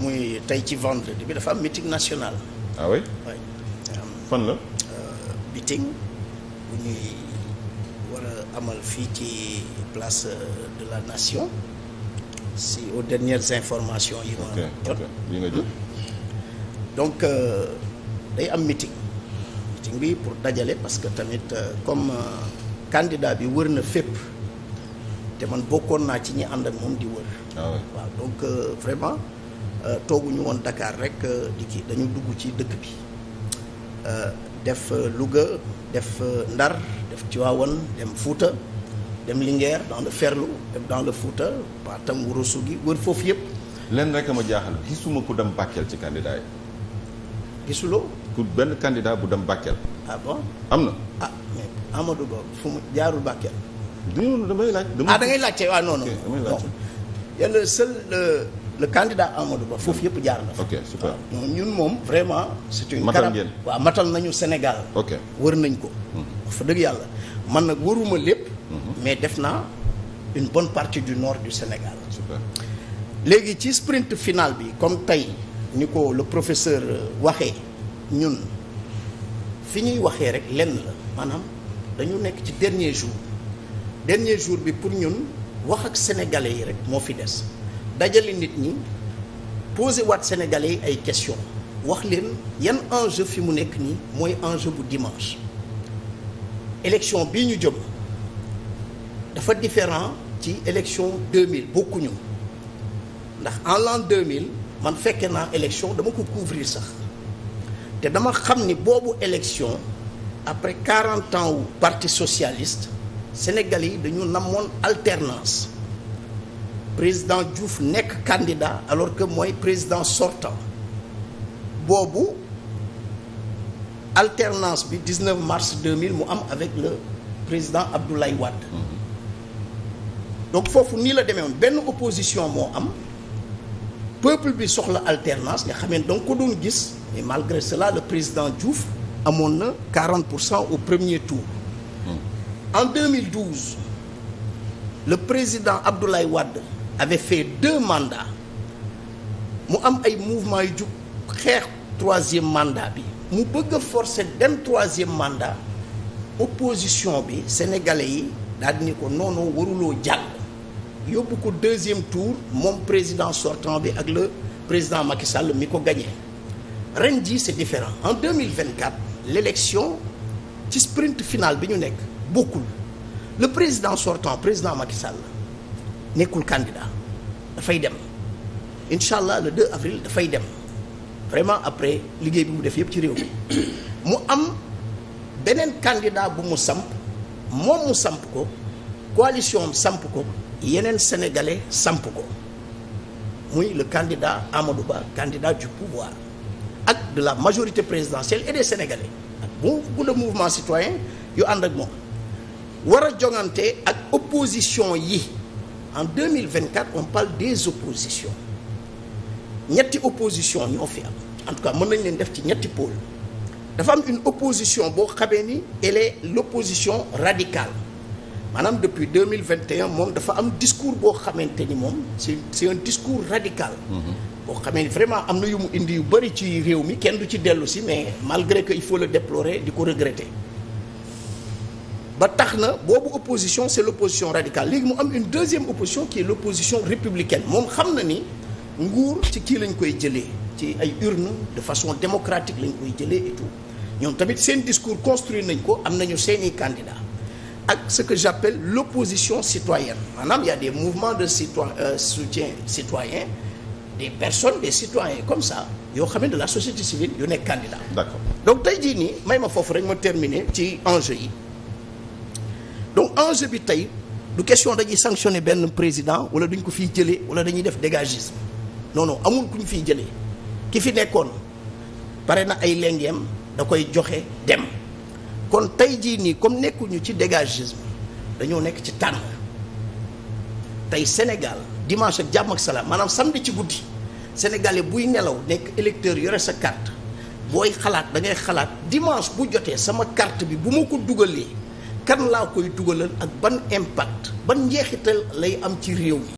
muy tey ci vendredi bi dafa am meeting national. ah fan la. Euh, meeting bu ñuy war a amal fii ci place euh, de la nation si aux dernières informations yi ma jot donc euh, day am meeting meeting bi pour dajale parce que tamit comme candidat bi wër na fépp te man bokkoon naa ci ñi ànd ak moom di wër ah waaw donc vraiment Euh, tooguñu woon dakaar rek euh, di kii dañu dugg ci dëkk bi euh, def Louga def Ndar def Tivaouane dem Fouta dem Linguère dans le Ferlo dem dans le Fouta ba tam Ourossogui wër foofu yëpp. lenn rek a ma jaaxal gisuma ku dem Bakel ci candidat yi. gisuloo. ku benn candidat bu dem Bakel. ah bon am na. ah mais Amadou Ba fu mu jaarul Bakel. damay laaj. ah da ngay laajte waaw ah, non yàlla seul. le candidat Amadou Ba foofu yëpp jaar na. ok super ñun moom vraiment. c'est une matal waaw matal nañu Sénégal. ok wër nañ ko. fa hmm. dëgg yàlla man nag wëruma lépp. Hmm. mais def naa une bonne partie du nord du Sénégal. léegi ci sprint final bi comme tey ni ko le professeur euh, waxee ñun fi ñuy waxee rek lenn la maanaam dañu nekk ci dernier jour dernier jour bi pour ñun wax ak sénégalais yi rek moo fi des. dajale nit ñi posé waat sénégalais yi ay question wax leen yan enjeu fi mu nekk nii mooy enjeu bu dimanche élection bii ñu jëm dafa différent ci élection 2000 bokkuñu ndax en l'an 2000 man fekkee naa élection dama ko couvrir sax te dama xam ni boobu élection après 40 ans wu parti socialiste Sénégal yi dañu namoon alternance président Diouf nekk candidat alors que mooy président sortant boobu alternance bi 19 mars 2000 mu am avec le président Abdoulaye Wade donc foofu nii la demee benn opposition moo am peuple bi soxla alternance nga xamee donc ko doon gis mais malgré cela le président Diouf amoon na 40 pour cent au premier tour hmm. en 2012 le président Abdoulaye Wade avait fait deux mandats mu am ay mouvement yu jug xeex troisième mandat bi mu bëgg force forcer dem troisième mandat opposition bi sénégalais yi daal di ni ko noonoo waruloo jàll yóbbu ko deuxième tour moom président sortant bi ak le président Macky Sall mi ko gagné ren jii c'est différent en 2024 l'élection ci sprint final bi ñu nekk bokkul le président sortant président Macky nekkul candidat dafay dem incha allah le 2 avril dafay dem vraiment après liggéey bi mu def yëpp ci réew mi mu am beneen candidat bu mu samp moom mu samp ko coalition samp ko yeneen sénégalais samp ko muy le candidat Amadou Ba candidat du pouvoir ak de la majorité présidentielle et des sénégalais ak beaucoup mouvement citoyen yu ànd ak moom war a jongante ak opposition yi en 2024 on parle des oppositions ñetti opposition ñoo fi am en tout cas mën nañ leen def ci ñetti pôle dafa am une opposition boo xamee ni elle est l'opposition radicale maanaam depuis 2021 moom dafa am discours boo xamante ni moom c'est c'est un discours radical mm-hmm. boo xamee ni vraiment am na yu mu indi yu bëri ci réew mi kenn du ci dellu si mais malgré que il faut la déplorer di ko regretter ba tax na boobu opposition c'est l'opposition radicale léegi mu am une deuxième opposition qui est l'opposition républicaine moom xam na ni nguur ci kii lañ koy jëlee ci ay urne de façon démocratique lañ koy jëlee et ñoom tamit seen discours construit nañ ko am nañu seeni candidat ak ce que j'appelle l'opposition citoyenne maanaam y a des mouvements de citoyen euh, soutien citoyen des personne des citoyens comme ça yoo xam ne de la société civile yu nekk candidat don tey jii nii may ma foofu rek ma terminer ci enjeu yi enjeu bi tey du question dañuy sanctionner benn président wala duñ ko fiy jëlee wala dañuy def dégagisme noonu non amul ku ñu fiy jëlee ki fi nekkoon pare na ay lengeem da koy joxe dem kon tey jii nii comme nekkuñu ci dégagisme dañoo nekk ci tànn tey Sénégal dimanche ak jàmm ak salaam maanaam samedi ci guddi sénégalais buy nelaw nekk électeur yore sa carte booy xalaat dangay xalaat dimanche bu jotee sama carte bi bu ma ko dugalee. kan laa koy dugalal ak ban impact ban njeexital lay am ci réew mi